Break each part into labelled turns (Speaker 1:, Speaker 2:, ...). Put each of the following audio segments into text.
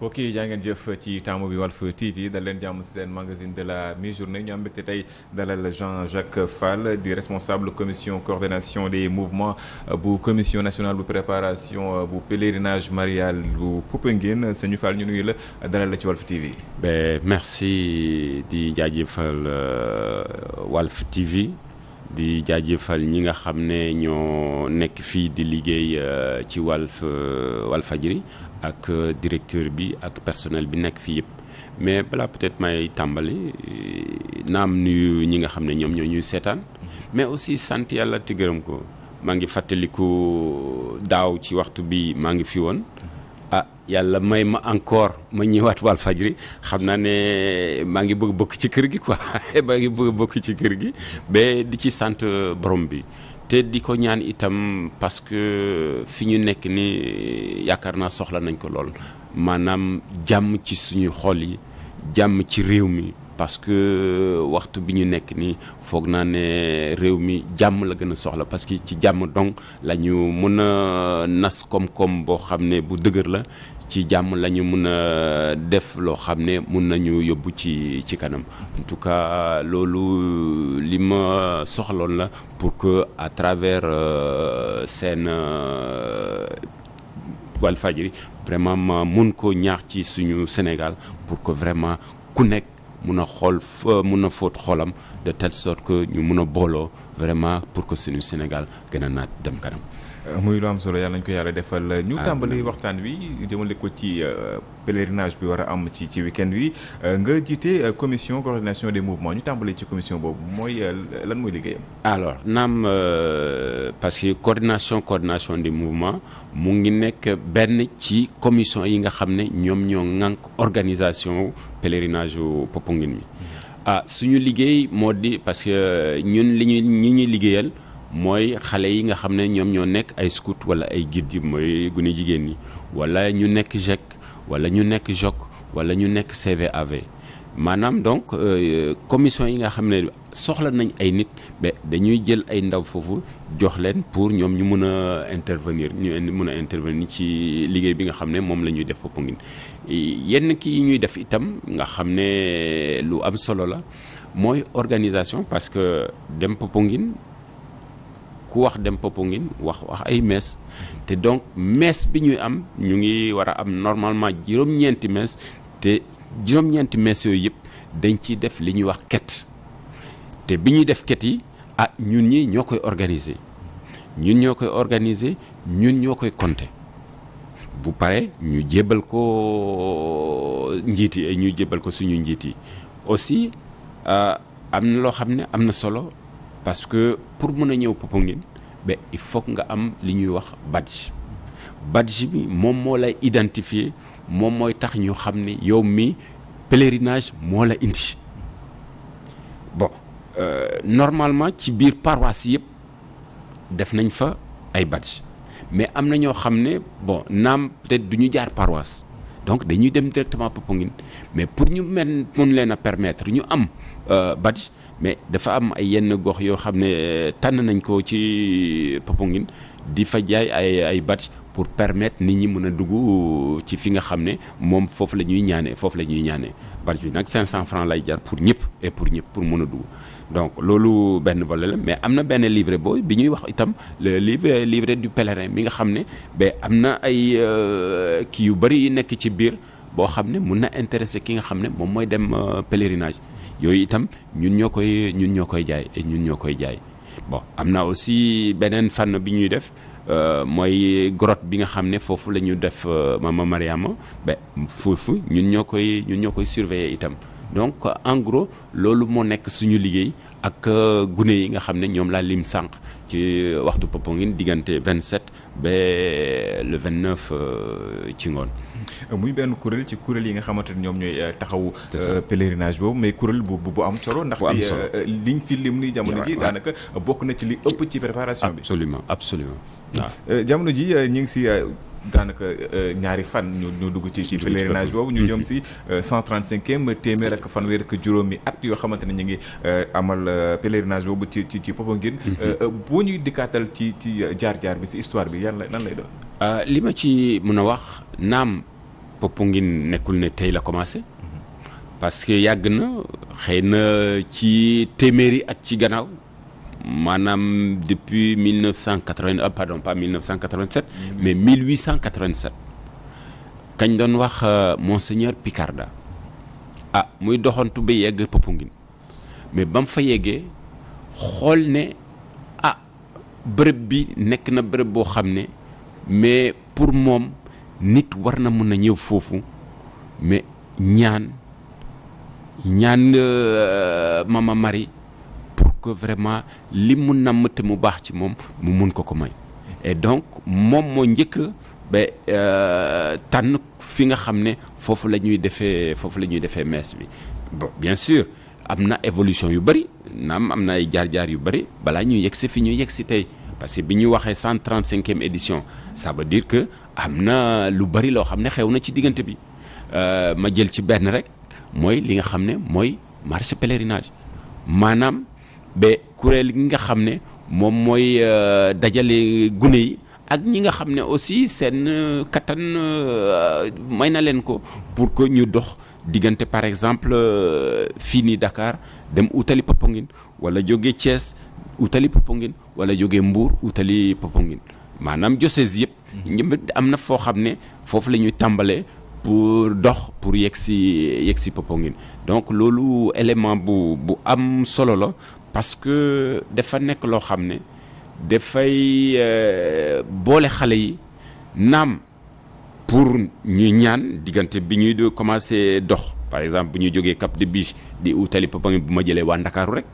Speaker 1: mbokk yi jaa jëf ci taamu bi Walf TV dal leen jàmm si seen magazine de la mi-journée ñu am mbégte tey dalal Jean-Jacques Fall di responsable commission coordination des mouvements bu commission nationale bu préparation bu pèlerinage marial bu Popenguine sëñu Fall ñu nuyu la dalal la ci Walf TV.
Speaker 2: ben merci di jaajëfal euh, Walf TV. di jaajëfal ñi nga xam ne ñoo nekk fii di liggéey euh, ci Walf euh, Walfadjri ak euh, directeur bi ak personnel bi nekk fii yëpp mais balaa peut-être may tàmbali euh, naam nu ñi nga xam ne ñoom ñoo ñuy seetaan mais aussi sant yàlla te gërëm ko maa ngi fàttaliku euh, daaw ci waxtu bi maa ngi fi woon ah yàlla may ma encore ma ñëwaat wal fajri xam naa ne maa ngi bëgg bokk ci kër gi quoi maa ngi bëgg bokk ci kër gi ba di ci sant borom bi te di ko ñaan itam parce que fi ñu nekk ni yaakaar naa soxla nañ ko lool maanaam jàmm ci suñu xol yi jàmm ci réew mi parce que waxtu bi ñu nekk nii foog naa ne réew mi jàmm la gën a soxla parce que ci jàmm donc la ñu mën a nas koom-koom boo xam ne bu dëgër la ci jàmm la ñu mën a def loo xam ne mun nañu yóbbu ci ci kanam en tout cas loolu li ma soxloon la pour que à travers euh, seen euh, Walfadjri vraiment ma mun ko ñaax ci suñu Sénégal pour que vraiment ku nekk. mun a xool euh, mun a fóot xoolam de telle sorte que ñu mun a booloo vraiment pour que suñu Sénégal gën a naat dem kanam. muy lu am solo yàlla nañu ko yàlla defal
Speaker 1: ñu tàmbali waxtaan wi jëmale ko ci euh, pèlerinage bi war a am ci ci week-end wi euh, nga jiite euh, commission coordination des mouvements ñu tàmbali ci commission boobu mooy lan mooy liggéeyam.
Speaker 2: alors naam euh, parce que coordination coordination des mouvements mu ngi nekk benn ci commission yi nga xam ne ñoom ñoo ŋànk organisation pèlerinage Popenguine mi mm-hmm. ah suñu liggéey moo di parce que ñun li ñuy ñi ñuy liggéeyal. mooy xale yi nga xam ne ñoom ñoo nekk ay scout wala ay guide yi mooy gune jigéen ñi wala ñu nekk JEC wala ñu nekk JOC wala ñu nekk CVAV maanaam donc euh, commission yi nga xam ne soxla nañ ay nit mais dañuy jël ay ndaw foofu jox leen pour ñoom ñu mën a intervenir ñu mën a intervenir ci liggéey bi nga xam ne moom la ñuy def Popenguine yenn kii ñuy def itam nga xam ne lu am solo la mooy organisation parce que dem Popenguine ku wax dem Popenguine wax wax ay mees te donc mees bi ñuy am ñu ngi war a am normalement juróom-ñeenti mees te juróom-ñeenti mees yooyu yëpp dañ ciy def li ñuy wax ket te bi ñuy def ket yi ah ñun ñi ñoo koy organiser ñun ñoo koy organiser ñun ñoo koy compter bu pare ñu jébal ko njiit yi ñu jébal ko suñu njiit yi aussi euh, am na loo xam ne am na solo parce que pour mun a ñëw Popenguine ba il faut nga am li ñuy wax badge badge bi moom moo lay identifier moom mooy tax ñu xam ne yow mi pèlerinage moo la indi bon euh, normalement ci biir paroisse yëpp def nañ fa ay badge mais am na ñoo xam ne bon naam peut du ñu jaar paroisse donc dañuy dem directement Popenguine mais pour ñu mën mun leen a permettre ñu am euh, badge mais dafa am ay yenn gox yoo xam ne euh, tànn nañ ko ci Popenguine di fa jaay ay ay bâche pour permettre nit ñi mën a dugg ci fi nga xam ne moom foofu la ñuy ñaanee foofu la ñuy ñaanee bâche bi nag 500 francs lay jar pour ñëpp et pour ñëpp pour mën a dugg donc loolu benn volet mais am na benn livret boo bi ñuy wax itam le livre livret du pèlerin mi nga xam ne ba am na ay euh, kii yu bëri yu nekk ci biir boo xam ne mun na intéresser ki nga xam ne moom mooy dem euh, pèlerinage. yooyu itam ñun ñoo koy ñun ñoo koy jaay ñun ñoo koy jaay bo am na aussi beneen fànn bi ñuy def euh, mooy grotte bi nga xam ne foofu la ñu def euh, Mama Mariama ba foofu ñun ñoo koy ñun ñoo koy surveiller itam donc en loolu moo nekk suñu liggéey ak euh, gune yi nga xam ne ñoom laa lim sànq ci euh, waxtu Popenguine diggante 27 ba le 29 euh, ci ngoon. muy benn kuréel ci kuréel yi nga xamante ni ñoom ñooy taxawu.
Speaker 1: pèlerinage boobu mais kuréel bu bu am solo. ndax liñ fi lim ni jamono ji daanaka bokk na ci li ëpp ci préparation bi. absolument absolument waaw jamono ji ñu ngi si. daanaka euh, ñaari fan ñu ñu dugg ci ci pèlerinage boobu ñu jëm si mhm. euh, cent trente cinquième téeméer ak fanweer ak juróomi at yoo xamante ne ñu ngi euh, amal pèlerinage boobu ci ci ci Popenguine mhm. boo ñuy dikkaatal ci ci jaar-jaar bi ci histoire bi yan la lan lay
Speaker 2: doon li ma ci mën a wax naam Popenguine nekkul ne tey la commencé mhm. parce que yàgg na xëy na ci téeméeri at ci gannaaw maanaam depuis 1980 ah euh, pardon pas 1987. 1800 mais 1887. kañ doon wax euh, monseigneur Picarda a ah, muy doxantu ba yegg Popenguine mais ba mu fa yeggee xool ne ah bërëb bi nekk na bërëb boo xam ne mais pour moom nit war na mën a ñëw foofu mais ñaan ñaan euh, Mama Marie. que vraiment li mu namm te mu baax ci moom mu mun ko ko may et donc moom moo njëkk ba euh, tànn fi nga xam ne foofu la ñuy defee foofu la ñuy defee messe bi bon bien sûr am na évolution yu bëri naam am na ay jaar-jaar yu bëri balaa ñuy yegg si fi ñuy yegg si tey parce que bi ñuy waxee cent trente cinquième édition ça veut dire que am na lu bari loo xam ne xew na ci diggante bi euh, ma jël ci benn rek mooy li nga xam ne mooy marche pèlerinage maanaam ba kuréel gi nga xam ne moom mooy euh, dajale gune yi ak ñi nga xam ne aussi seen euh, kattan euh, may na leen ko pour que ñu dox diggante par exemple fii nii Dakar dem utali Popenguine wala jóge Thiès utali Popenguine wala jóge mbuur utali popongin maanaam joses yëpp. Mm-hmm. ñëpp am na foo xam ne foofu la ñuy tàmbalee pour dox pour yegg si yegg si Popenguine donc loolu élément bu bu am solo la parce que dafa nekk loo xam ne dafay euh, boole xale yi naam pour ñuy ñaan diggante bi ñuy do commencé dox par exemple bu ñuy jógee Cap de Biche di utali Popenguine bu ma jëlee waa Ndakaaru rek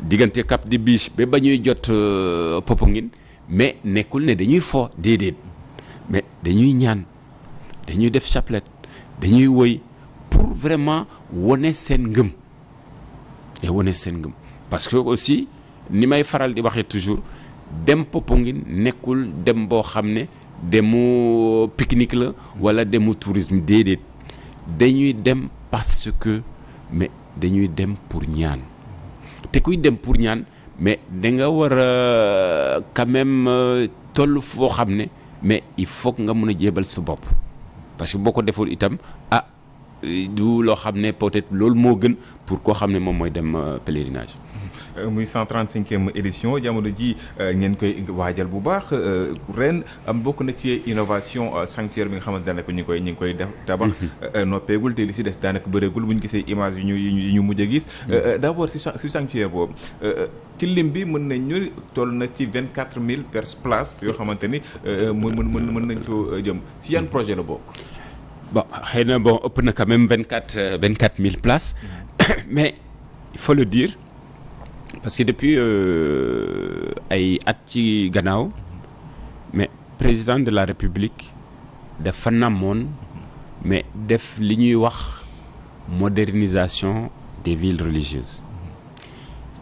Speaker 2: diggante Cap de Biche ba ba ñuy jot euh, Popenguine mais nekkul ne dañuy fo déedéet mais dañuy ñaan dañuy def chapelet dañuy woy pour vraiment wone seen ngëm te wone seen ngëm parce que aussi ni may faral di waxee toujours dem Popenguine nekkul dem boo xam ne demu pique-nique la wala demu tourisme déedéet dañuy dem parce que mais dañuy dem pour ñaan te kuy dem pour ñaan mais danga nga war a quand même euh, toll foo xam ne mais il faut nga mën a jébal sa bopp parce que boo ko deful itam ah, du loo xam ne peut-être loolu moo gën pour koo xam ne moom mooy dem euh, pèlerinage.
Speaker 1: Euh, muy 135e édition jamono ji euh, ngeen koy waajal bu baax ren am bokk na ci innovation sanctuaire bi nga xamante daanaka ñu koy ñu ngi koy def tabax mhm. noppeegul te li si des daanaka bëreegul bu ñu gisee image yi ñu yi ñu mujj gis mhm. d'abord si si sanctuaire boobu ci lim bi mën nañ ñu toll na ci vingt quatre mille 24000 places yoo xamante ni mën mën mën nañ
Speaker 2: ko jëm si yan mhm. projet la bokk bon xëy na bon ëpp na quand même vingt quatre euh, vingt quatre mille places mais il faut le dire parce que depuis euh, ay at ci gannaaw mais président de la république dafa namoon mais def li ñuy wax modernisation des villes religieuses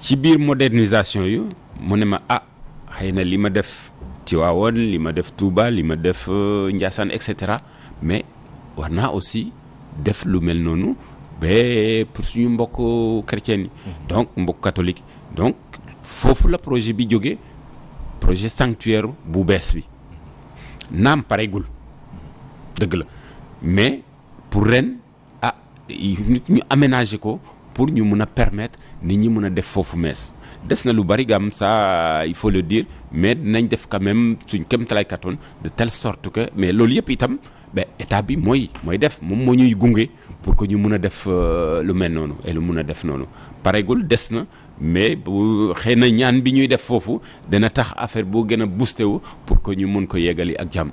Speaker 2: ci biir modernisation yu mu ne ma ah xëy na li ma def Tivaouane li ma def Touba li ma def euh, Ndiassane et cetera mais. war naa aussi def lu mel noonu ba pour suñu mbokk chrétiens yi mhm. donc mbokk catholique donc foofu la projet bi jógee projet sanctuaire bu bees bi naam pareegul dëgg la mais pour ren ah ñu aménager ko pour ñu mun a permettre nit ñi mun a def foofu mees des na lu bari gam saa il faut le dire mais dinañ def quand même suñ kéem talaay kattan de telle sorte que mais loolu yëpp itam. ba état bi mooy mooy def moom moo ñuy gunge pour que ñu mun a def euh, lu mel noonu et lu mun a def noonu pareegul des na mais bu xëy na ñaan bi ñuy def foofu dana tax affaire boo gën a booster wu pour que ñu mun ko yeggali ak jàmm.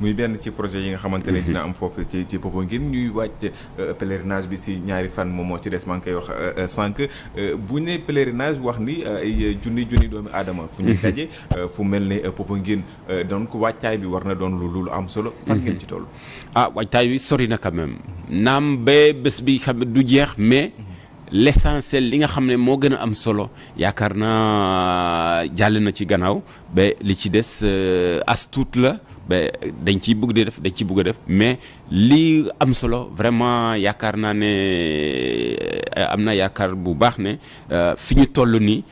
Speaker 1: muy benn ci projet yi nga xamante ne dina am foofu ci ci Popenguine ñuy wàcc euh, pèlerinage bi si ñaari fan moom moo ci des maa ngi koy wax euh, sànq euh, bu ne pèlerinage wax ni ay junni junni doomi aadama fu ñuy daje fu mel ne Popenguine donc wàccaay bi war na doon lu lu am
Speaker 2: solo fan ngeen ci toll ah wàccaay bi sori na quand même naam ba bés bi xam du jeex mais l'essentiel li nga xam ne moo gën a am solo yaakaar naa jàll na ci gannaaw ba li ci des as tuut la ba dañ ciy bugg di def dañ ci bugg a def mais lii am solo vraiment yaakaar naa ne euh, am na yaakaar bu baax ne euh, fi ñu toll nii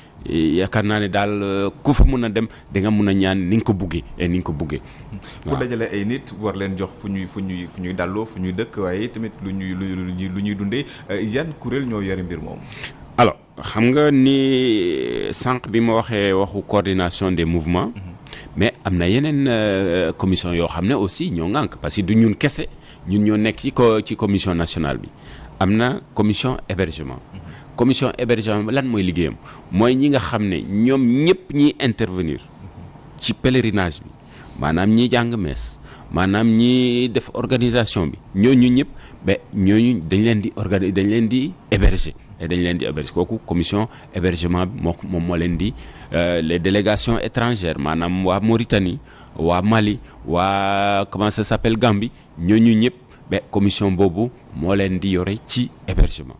Speaker 2: yaakaar naa ne daal euh, ku fa mën a dem danga nga mën a ñaan ni nga ko buggee eh, ni nga ko buggee. waaw
Speaker 1: dajale ay nit war leen jox fu ñuy fu ñuy fu ñuy dalloo fu ñuy dëkk waaye tamit lu ñuy lu ñuy dundee yan kuréel ñoo yore mbir moom.
Speaker 2: alors xam nga ni sànq bi ma waxee waxu coordination des mouvement mhm. mais am na yeneen euh, commission yoo xam ne aussi ñoo ŋànk parce que du ñun kese ñun ñoo nekk ci ko ci commission nationale bi am na commission hébergement commission hébergement lan mooy liggéeyam mooy ñi nga xam ne ñoom ñëpp ñiy intervenir ci pèlerinage bi maanaam ñiy jàng mees maanaam ñi def organisation bi ñooñu ñëpp ba ñooñu dañ leen di organi dañ leen di héberger et dañ leen di héberge kooku commission hébergement bi moo moom moo leen di euh, les délégation étrangères maanaam waa Mauritanie waa Mali waa comment ça s'appelle Gambie ñooñu ñëpp ba commission boobu moo leen di yore ci hébergement.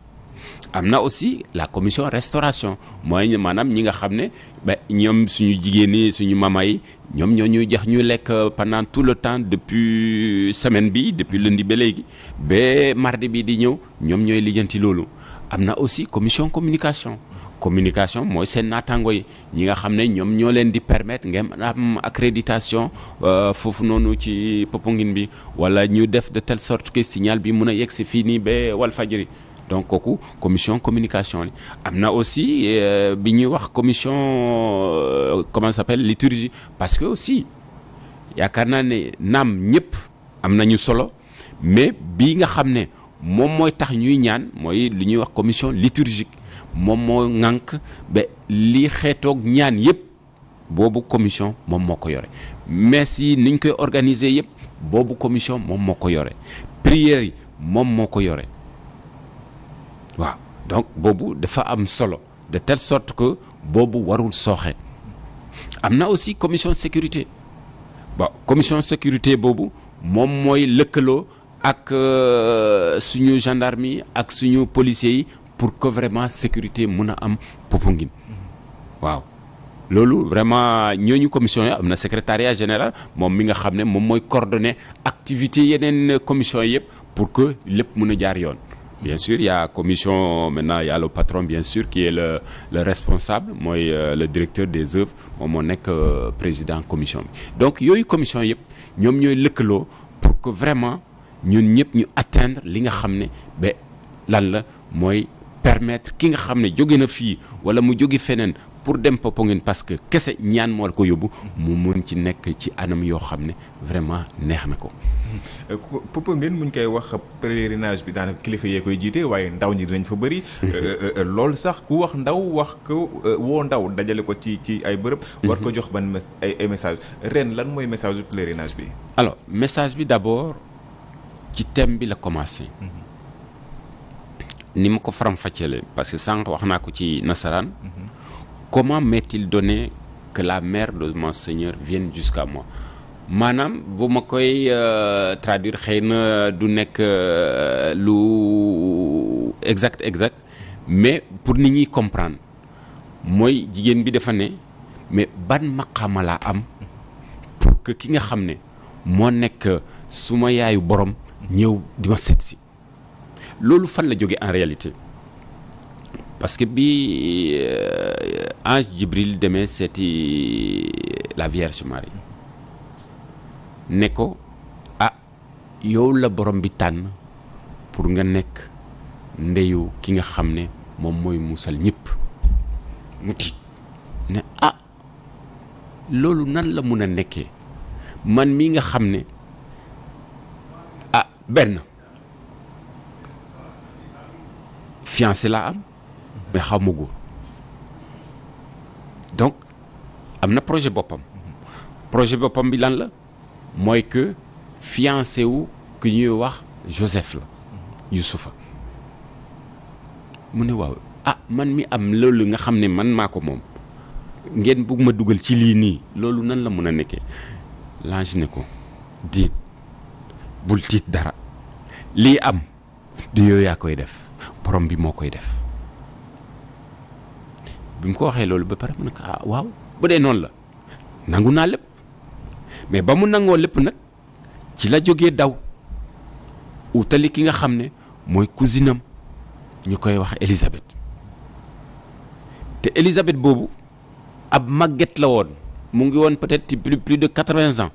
Speaker 2: am na aussi la commission restauration mooy maanaam ñi nga xam ne ba ñoom suñu jigéen ñi suñu mama yi ñoom ñoo ñuy jox ñu lekk pendant tout le temps depuis semaine bi depuis lundi ba léegi ba mardi bi di ñëw ñoom ñooy lijjanti loolu. am na aussi commission communication communication mooy seen naataango yi ñi nga xam ne ñoom ñoo leen di permettre ngeen am accréditation euh, foofu noonu ci Popenguine bi wala ñu def de telle sorte que signal bi mun a yegg si fii nii ba Walfadjri donc kooku commission communication am na aussi euh, bi ñuy wax commission euh, comment ça s'appelle parce que aussi yaakaar naa ne naam ñëpp am nañu solo mais bi nga xam ne. moom mooy tax ñuy ñaan mooy lu ñuy wax commission liturgique moom moo ŋànk ba lii xeetoog ñaan yëpp boobu commission moom moo ko yore messe yi niñ koy organiser yëpp boobu commission moom moo ko yore prière yi moom moo ko yore waaw donc boobu dafa am solo de telle sorte que boobu warul sooxe am na aussi commission sécurité bon commission sécurité boobu moom mooy lëkkaloo Euh, ak suñu gendarmerie ak suñu policier yi pour que vraiment sécurité mun a am Popenguine waaw loolu vraiment ñooñu commission yi am na secrétariat général moom mi nga xam ne moom mooy coordonner activité yeneen commission yëpp pour que lépp mun a jaar yoon bien sûr y commission maintenant y a le patron bien sûr qui est le responsable mooy euh, le directeur des œuvres moom moo nekk euh, président commission donc yooyu commission yëpp ñoom ñooy lëkkaloo pour que ñun ñëpp ñu atteindre li nga xam ne ba lan la mooy permettre ki nga xam ne jóge na fii wala mu jóge feneen pour dem Popenguine parce que kese ñaan mool ko yóbbu mu mun ci nekk ci anam yoo xam ne vraiment neex na ko.
Speaker 1: Euh, Popenguine muñ koy wax pèlerinage bi daanaka kilifa yee koy jiite waaye ndaw ñi dinañ fa bëri. Euh, euh, loolu sax ku wax ndaw wax ko woo ndaw dajale ko ci ci ay bërëb. Mhm. war ko jox ban ay message ren lan mooy message pèlerinage bi. alors message
Speaker 2: bi d'abord. ci thème bi la commencé. Mhm. ni ma ko faram-fàccelee parce que sànq wax naa ko ci nasaraan. Mhm. comment m'est-il donné que la mère de mon Seigneur vienne jusqu'à moi maanaam bu ma koy euh, traduire xëy na du nekk euh, lu exact exact mais pour nit ñi comprendre mooy jigéen bi dafa ne mais ban maqaama am pour que ki nga xam ne moo nekk suma yaayu borom. ñëw di ma seet si loolu fan la jóge en réalité parce que bi euh, ange Jibril demee seeti la Vierge Marie ne ko a ah, yow la borom bi tànn pour nga nekk ndeyu ki nga xam ne moom mooy musal ñëpp mu tiit ne ah loolu nan la mun a nekkee man mi nga xam ne benn fiancé laa am mais xaw ma góor donc am na projet boppam projet boppam bi lan la mooy que fiancé wu ki ñuy wax Joseph la Youssoufa mu ne waaw ah man mi am loolu nga xam ne man maa ko moom ngeen bëgg ma dugal ci lii nii loolu nan la mën a nekkee lange ne ko diit bul tiit dara lii am du yow yaa koy def borom bi moo koy def bi mu ko waxee loolu ba pare mu ne ko ah waaw bu dee noonu la nangu naa lépp mais ba mu nangoo lépp nag ci la jógee daw utali ki nga xam ne mooy cousine am ñu koy wax Élisabeth te Élisabeth boobu ab màgget la woon mu ngi woon peut-être ci plus de quatre-vingts ans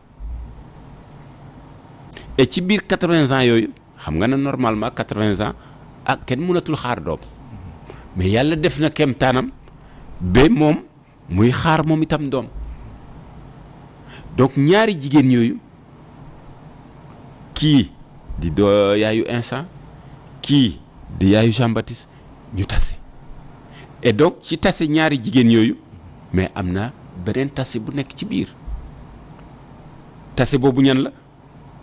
Speaker 2: et ci biir quatre-vingts ans yooyu. xam nga ne normalement quatre-vingts ans ah kenn mënatul xaar doom mais yàlla def na kemtaanam ba moom muy xaar moom itam doom donc ñaari jigéen yooyu kii di do yaayu instant kii di yaayu Jean Baptiste ñu tase et donc ci tasse ñaari jigéen yooyu mais am na beneen tase bu nekk ci biir tasse boobu ñan la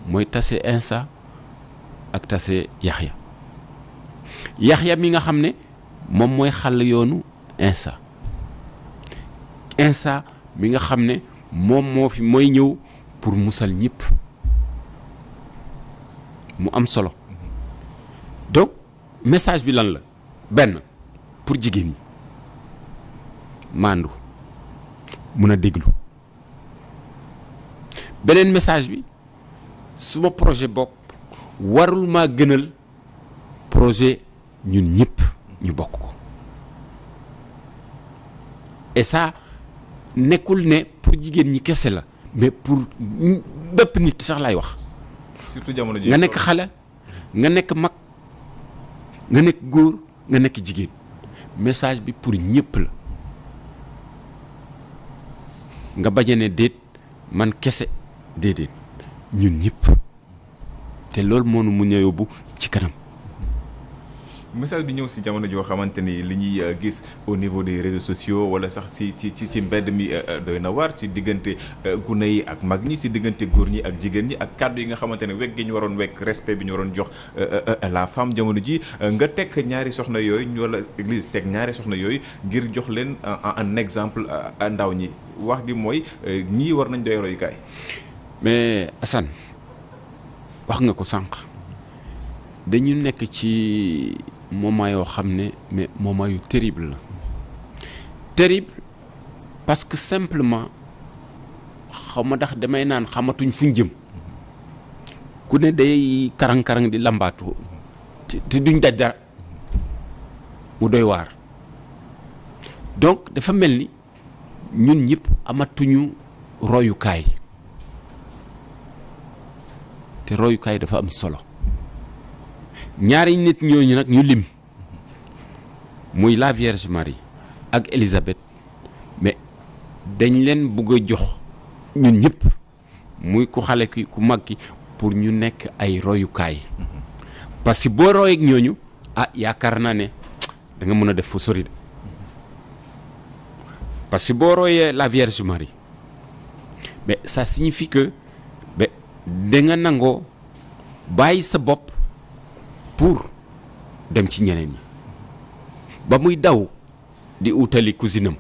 Speaker 2: mooy tasse Insa ak tase yaxya yaxya mi nga xam ne moom mooy xal yoonu insa insa mi nga xam ne moom moo fi mooy ñëw pour musal ñëpp mu am solo donc message bi lan la benn pour jigéen ñi maandu mun a déglu beneen message bi suma projet bokk warul ma gënal projet ñun ñëpp ñu bokk ko et ça nekkul ne pour jigéen ñi kese la mais pour bépp nit sax laay wax. surtout jamono ji nga nekk xale nga nekk mag nga nekk góor nga nekk jigéen message bi pour ñëpp la nga bañ a ne déet man kese déedéet ñun ñëpp. te loolu moo mu mun a ci kanam.
Speaker 1: message bi ñëw si jamono joo xamante ni li ñuy euh, gis au niveau des réseaux sociaux wala sax si ci ci ci mbedd mi euh, euh, doy na waar ci diggante gune yi ak mag ñi si diggante góor ñi ak jigéen ñi ak kàddu yi nga xamante ne wekk gi ñu waroon wekk respect bi ñu waroon jox la femme jamono ji nga teg ñaari soxna yooyu ñu wala église teg ñaari soxna yooyu ngir jox leen un exemple ndaw ñi wax gi mooy ñii war nañ doy royukaay
Speaker 2: mais Assane wax nga ko sànq dañu nekk ci moment yoo xam ne mais moment yu terrible la terrible parce que simplement xaw ma ndax damay naan xamatuñ fuñ jëm ku ne day karang-karang di lambaatu te duñ daj dara mu doy waar donc dafa mel ni ñun ñëpp amatuñu royukaay te royukaay dafa am solo ñaari nit ñooñu nag ñu lim muy la Vierge Marie ak Élisabeth mais dañ leen bugg a jox ñun ñëpp muy ku xale ku mag ki pour ñu nekk ay royukaay parce que boo ñooñu ah yaakaar naa ne da nga mën a def fu sori parce que boo royee la Vierge Marie mais sa signifie que da nga nangoo bàyyi sa bopp pour dem ci ñeneen ñi ba muy daw di utali cousine am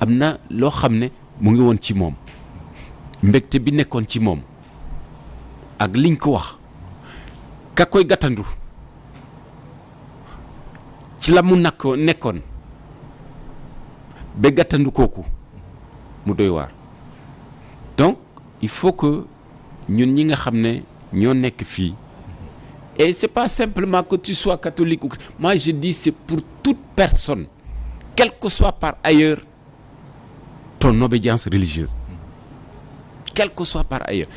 Speaker 2: am na loo xam ne mu ngi woon ci moom mbégte bi nekkoon ci moom ak liñ ko wax ka koy gàttandu ci la mu nakk nekkoon ba gàttandu kooku mu doy waar il faut que ñun ñi nga xam ne ñoo nekk fii et c'est pas simplement que tu sois catholique ou moi je dis c'est pour toute personne quelle que soit par ayeur ton obédience religieuse quelle que soit par ailleurs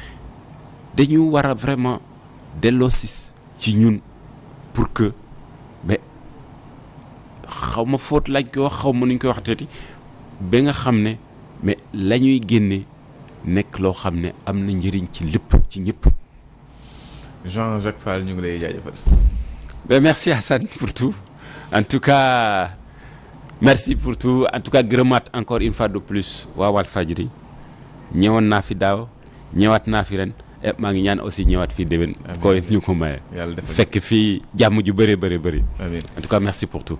Speaker 2: dañu war a vraiment delloosis ci ñun pour que mais xaw ma fóot lañ koy wax xaw ma nuñ koy wax teeti ba nga xam ne mais la ñuy génne nekk loo xam ne am na njëriñ ci lépp ci ñëpp. Jean-Jacques Fall ñu ngi lay jaajëfal. mais merci Assane pour tout en tout cas merci pour en tout cas gërëmaat encore une fois de plus waa Walfadjri ñëwoon naa fi daaw ñëwaat naa fi ren eh, maa ngi ñaan aussi ñëwaat fii déwén. ko ñu ko maye. fekk fii jàmm ju bëree bëri bëri. en tout cas merci pour tout.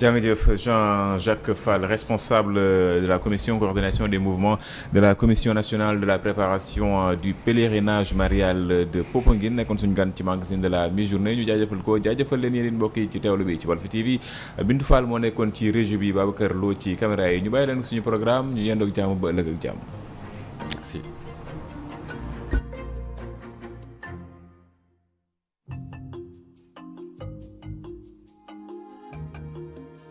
Speaker 1: jërëjëf Jean-Jacques Fall responsable euh, de la commission coordination des mouvements de la commission nationale de la préparation euh, du pèlerinage marial de Popenguine nekkoon suñu gan ci magazine de la mi-journée ñu jaajëfal ko jaajëfal leen yéen mbokk yi ci teewlu bi ci Walf TV Bintu Fall moo nekkoon ci régie bi Babacar Lo ci caméra yi ñu bay leen suñu programme ñu yendoog jàmm ba ëllëg ak jàmm